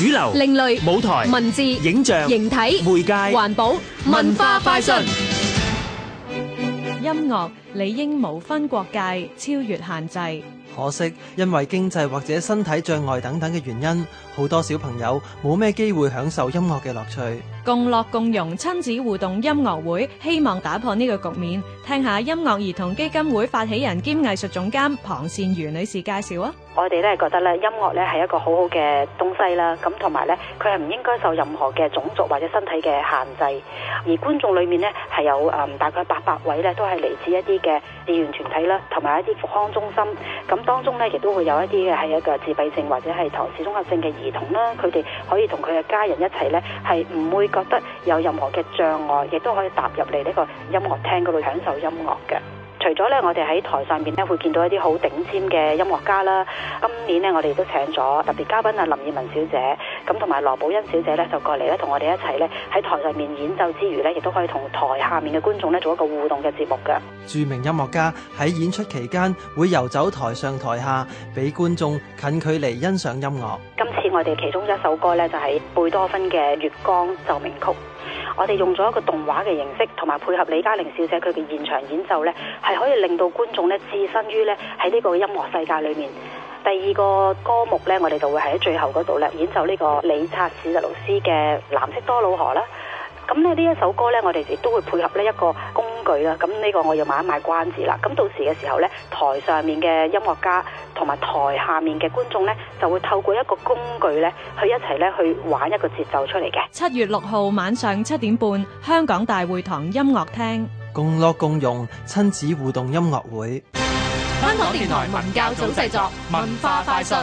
主流、另類、舞台、文字、影像、形體、媒介、環保、文化快訊、音樂理應無分國界，超越限制。可惜因為經濟或者身體障礙等等嘅原因，好多小朋友冇咩機會享受音樂嘅樂趣。共樂共融親子互動音樂會，希望打破呢個局面，聽下音樂兒童基金會發起人兼藝術總監龐善如女士介紹啊！我哋咧覺得咧，音樂咧係一個好好嘅東西啦，咁同埋咧，佢係唔應該受任何嘅種族或者身體嘅限制。而觀眾裏面咧係有誒大概八百位咧，都係嚟自一啲嘅志願團體啦，同埋一啲復康中心。咁當中咧亦都會有一啲嘅係一個自閉症或者係唐氏綜合症嘅兒童啦，佢哋可以同佢嘅家人一齊咧，係唔會，覺得有任何嘅障礙，亦都可以踏入嚟呢個音樂廳嗰度享受音樂嘅。除咗咧，我哋喺台上面咧會見到一啲好頂尖嘅音樂家啦。今年咧，我哋都請咗特別嘉賓啊，林二汶小姐。咁同埋羅寶欣小姐咧就過嚟咧，同我哋一齊咧喺台上面演奏之餘咧，亦都可以同台下面嘅觀眾咧做一個互動嘅節目嘅。著名音樂家喺演出期間會遊走台上台下，俾觀眾近距離欣賞音樂。今次我哋其中一首歌咧就係貝多芬嘅《月光奏鳴曲》，我哋用咗一個動畫嘅形式，同埋配合李嘉玲小姐佢嘅現場演奏咧，係可以令到觀眾咧置身於咧喺呢個音樂世界裏面。第二個歌目呢，我哋就會喺最後嗰度咧演奏呢個理察史特勞斯嘅藍色多瑙河啦。咁咧呢一首歌呢，我哋亦都會配合呢一個工具啦。咁呢個我要賣一賣關子啦。咁到時嘅時候呢，台上面嘅音樂家同埋台下面嘅觀眾呢，就會透過一個工具呢去一齊呢去玩一個節奏出嚟嘅。七月六號晚上七點半，香港大會堂音樂廳，共樂共用親子互動音樂會。香港電台文教組製作《文化快訊》。